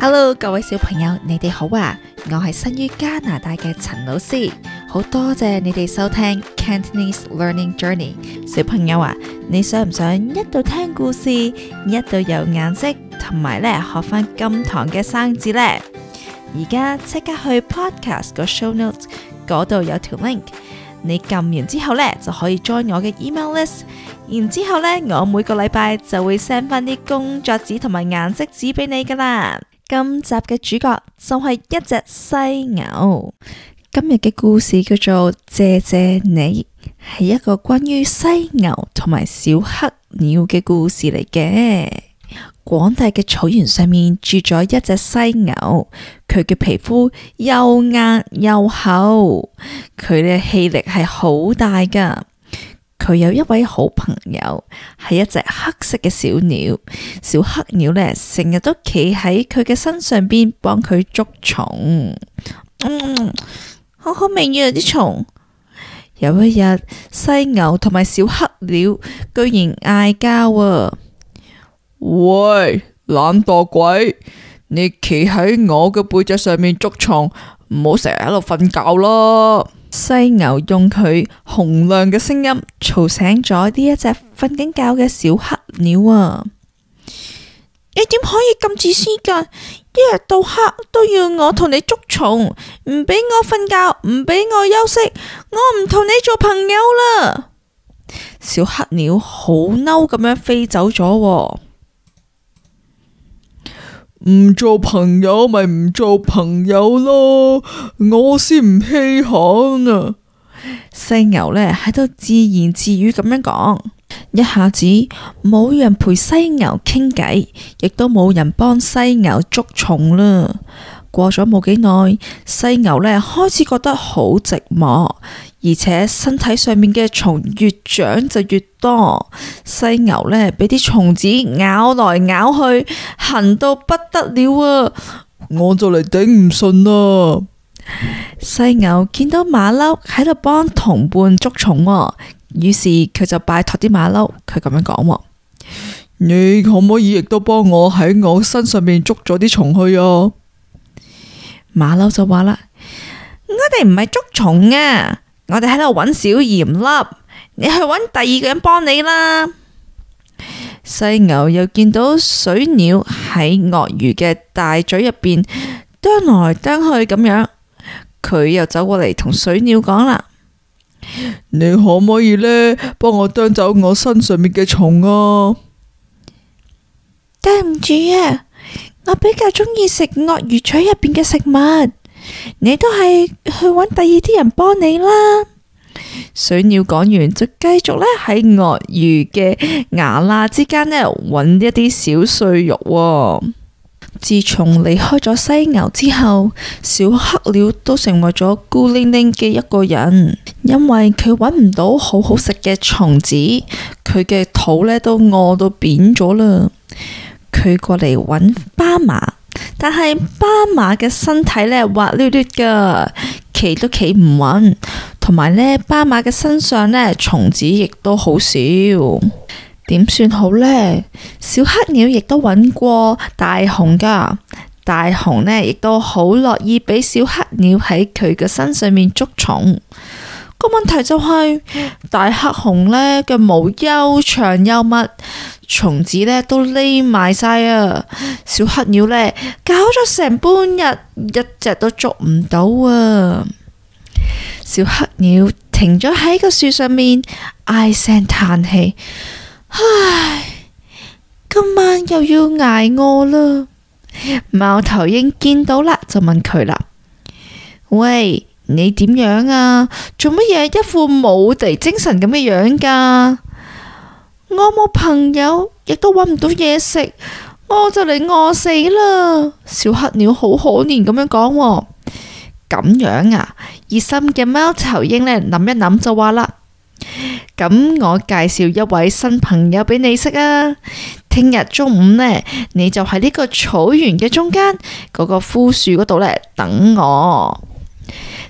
Hello，各位小朋友，你哋好啊！我係生於加拿大嘅陳老師，好多謝你哋收聽 Cantonese Learning Journey。小朋友啊，你想唔想一度聽故事，一度有顏色，同埋咧學翻金堂嘅生字呢？而家即刻去 Podcast 個 Show Notes 嗰度有條 link，你撳完之後咧就可以 join 我嘅 email list，然之後咧我每個禮拜就會 send 翻啲工作紙同埋顏色紙俾你㗎喇。今集嘅主角就係一隻犀牛，今日嘅故事叫做謝謝你，係一個關於犀牛同埋小黑鳥嘅故事嚟嘅。廣大嘅草原上面住咗一隻犀牛，佢嘅皮膚又硬又厚，佢嘅氣力係好大㗎。佢有一位好朋友，係一隻黑色嘅小鳥。小黑鳥呢，成日都企喺佢嘅身上邊幫佢捉蟲。嗯，好好味啊！啲蟲。有一日，犀牛同埋小黑鳥居然嗌交啊！喂，懶惰鬼，你企喺我嘅背脊上面捉蟲，唔好成日喺度瞓覺啦！犀牛用佢洪亮嘅聲音吵醒咗呢一隻瞓緊覺嘅小黑鳥啊！你點可以咁自私噶？一日到黑都要我同你捉蟲，唔俾我瞓覺，唔俾我休息，我唔同你做朋友啦！小黑鳥好嬲咁樣飛走咗啊。唔做朋友咪唔做朋友咯，我先唔稀罕啊！犀牛呢喺度自言自語咁樣講，一下子冇人陪犀牛傾偈，亦都冇人幫犀牛捉蟲啦。過咗冇幾耐，犀牛呢開始覺得好寂寞，而且身體上面嘅蟲越長就越多。犀牛呢俾啲蟲子咬來咬去，痕到不得了啊！我就嚟頂唔順啦。犀牛見到馬騮喺度幫同伴捉蟲，於是佢就拜託啲馬騮。佢咁樣講：喎你可唔可以亦都幫我喺我身上面捉咗啲蟲去啊？馬騮就話啦：我哋唔係捉蟲啊，我哋喺度揾小鹽粒。你去揾第二個人幫你啦。犀牛又見到水鳥喺鱷魚嘅大嘴入邊啄來啄去咁樣，佢又走過嚟同水鳥講啦：你可唔可以呢？幫我啄走我身上面嘅蟲啊？對唔住啊！我比較中意食鱷魚嘴入邊嘅食物，你都係去搵第二啲人幫你啦。水鳥講完就繼續呢，喺鱷魚嘅牙罅之間咧搵一啲小碎肉。自從離開咗犀牛之後，小黑鳥都成為咗孤零零嘅一個人，因為佢搵唔到好好食嘅蟲子，佢嘅肚呢都餓到扁咗啦。佢過嚟搵斑馬，但係斑馬嘅身體呢滑溜溜噶企都企唔穩，同埋呢斑馬嘅身上呢蟲子亦都好少，點算好呢？小黑鳥亦都揾過大熊噶大熊呢亦都好樂意俾小黑鳥喺佢嘅身上面捉蟲。個問題就係、是、大黑熊呢，嘅毛又長又密，蟲子呢都匿埋晒啊！小黑鳥呢，搞咗成半日，一隻都捉唔到啊！小黑鳥停咗喺個樹上面，唉聲嘆氣，唉，今晚又要挨餓啦！貓頭鷹見到啦，就問佢啦：喂！你點樣啊？做乜嘢？一副冇地精神咁嘅樣噶？我冇朋友，亦都搵唔到嘢食，我就嚟餓死啦。小黑鳥好可憐咁樣講。咁樣啊？熱心嘅貓頭鷹呢，諗一諗就話啦。咁我介紹一位新朋友俾你識啊。聽日中午呢，你就喺呢個草原嘅中間嗰個枯樹嗰度咧等我。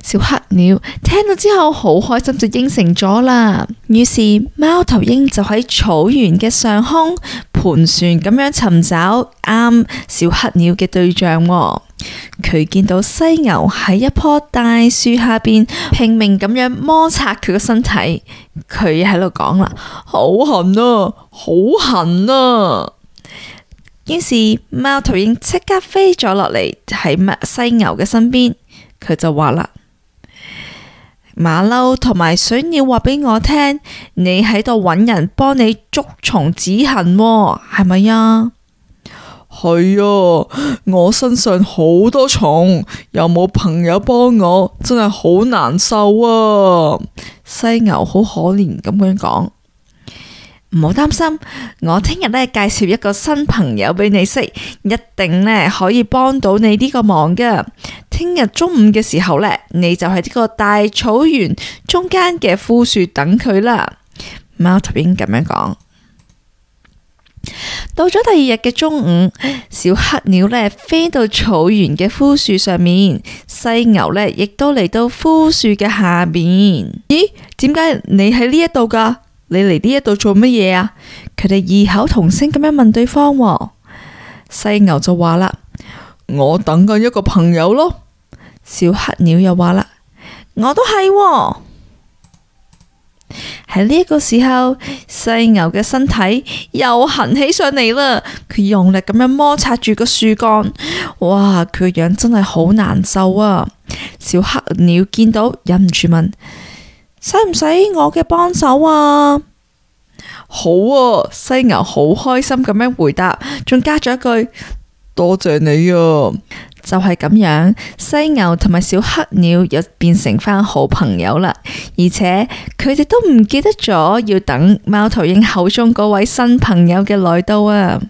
小黑鳥聽到之後好開心，就應承咗啦。於是貓頭鷹就喺草原嘅上空盤旋，咁樣尋找啱小黑鳥嘅對象。佢見到犀牛喺一棵大樹下邊拼命咁樣摩擦佢嘅身體，佢喺度講啦：好痕啊，好痕啊！於是貓頭鷹即刻飛咗落嚟喺犀牛嘅身邊，佢就話啦。馬騮同埋水鳥話俾我聽，你喺度揾人幫你捉蟲止痕喎，係咪呀？係啊，我身上好多蟲，又冇朋友幫我，真係好難受啊！犀牛好可憐，咁樣講。唔好擔心，我聽日呢，介紹一個新朋友俾你識，一定呢可以幫到你呢個忙噶。聽日中午嘅時候呢，你就喺呢個大草原中間嘅枯樹等佢啦。貓頭鷹咁樣講。到咗第二日嘅中午，小黑鳥呢飛到草原嘅枯樹上面，犀牛呢亦都嚟到枯樹嘅下面。咦？點解你喺呢一度噶？你嚟呢一度做乜嘢啊？佢哋異口同聲咁樣問對方。哦，犀牛就話啦，我等緊一個朋友咯。小黑鳥又話啦，我都係。哦，喺呢一個時候，犀牛嘅身體又行起上嚟啦，佢用力咁樣摩擦住個樹幹。哇，佢個樣真係好難受啊！小黑鳥見到忍唔住問。使唔使我嘅幫手啊？好啊，犀牛好開心咁樣回答，仲加咗一句多謝你啊！就係咁樣，犀牛同埋小黑鳥又變成返好朋友啦，而且佢哋都唔記得咗要等貓頭鷹口中嗰位新朋友嘅來到啊！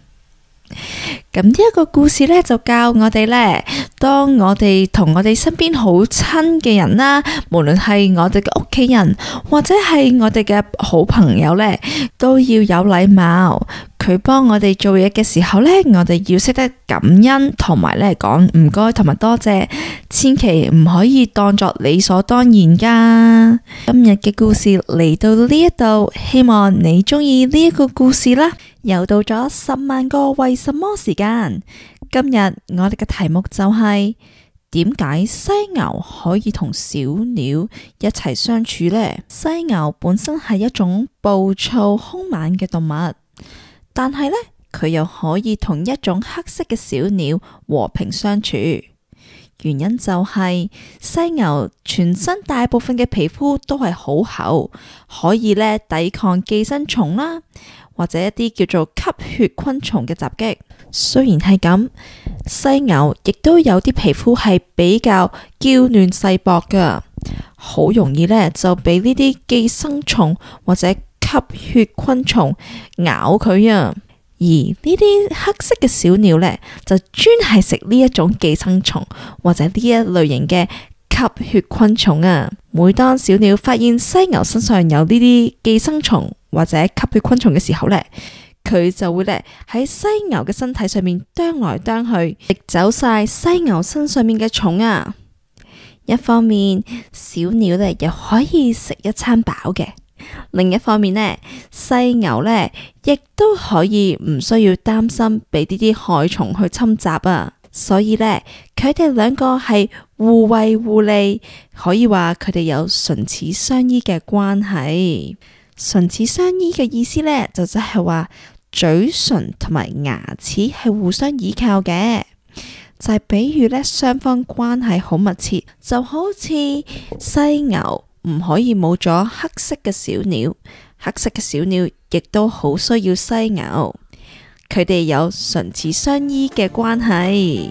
咁呢一個故事呢，就教我哋呢，當我哋同我哋身邊好親嘅人啦，無論係我哋嘅屋企人，或者係我哋嘅好朋友呢，都要有禮貌。佢幫我哋做嘢嘅時候呢，我哋要識得感恩，同埋呢講唔該，同埋多謝，千祈唔可以當作理所當然噶。今日嘅故事嚟到呢一度，希望你中意呢一個故事啦。又到咗十萬個為什麼時間，今日我哋嘅題目就係點解犀牛可以同小鳥一齊相處呢？犀牛本身係一種暴躁兇猛嘅動物，但係呢，佢又可以同一種黑色嘅小鳥和平相處。原因就係、是、犀牛全身大部分嘅皮膚都係好厚，可以咧抵抗寄生蟲啦，或者一啲叫做吸血昆蟲嘅襲擊。雖然係咁，犀牛亦都有啲皮膚係比較嬌嫩細薄㗎，好容易呢就俾呢啲寄生蟲或者吸血昆蟲咬佢呀。而呢啲黑色嘅小鳥呢，就專係食呢一種寄生蟲或者呢一類型嘅吸血昆蟲啊。每當小鳥發現犀牛身上有呢啲寄生蟲或者吸血昆蟲嘅時候呢，佢就會呢，喺犀牛嘅身體上面啄來啄去，食走晒犀牛身上面嘅蟲啊。一方面，小鳥呢，又可以食一餐飽嘅。另一方面呢，犀牛呢亦都可以唔需要擔心俾啲啲害蟲去侵襲啊，所以呢，佢哋兩個係互惠互利，可以話佢哋有唇齒相依嘅關係。唇齒相依嘅意思呢，就即係話嘴唇同埋牙齒係互相依靠嘅，就係、是、比喻呢雙方關係好密切，就好似犀牛。唔可以冇咗黑色嘅小鳥，黑色嘅小鳥亦都好需要犀牛，佢哋有唇齒相依嘅關係。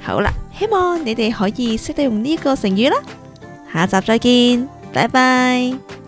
好啦，希望你哋可以識得用呢個成語啦。下集再見，拜拜。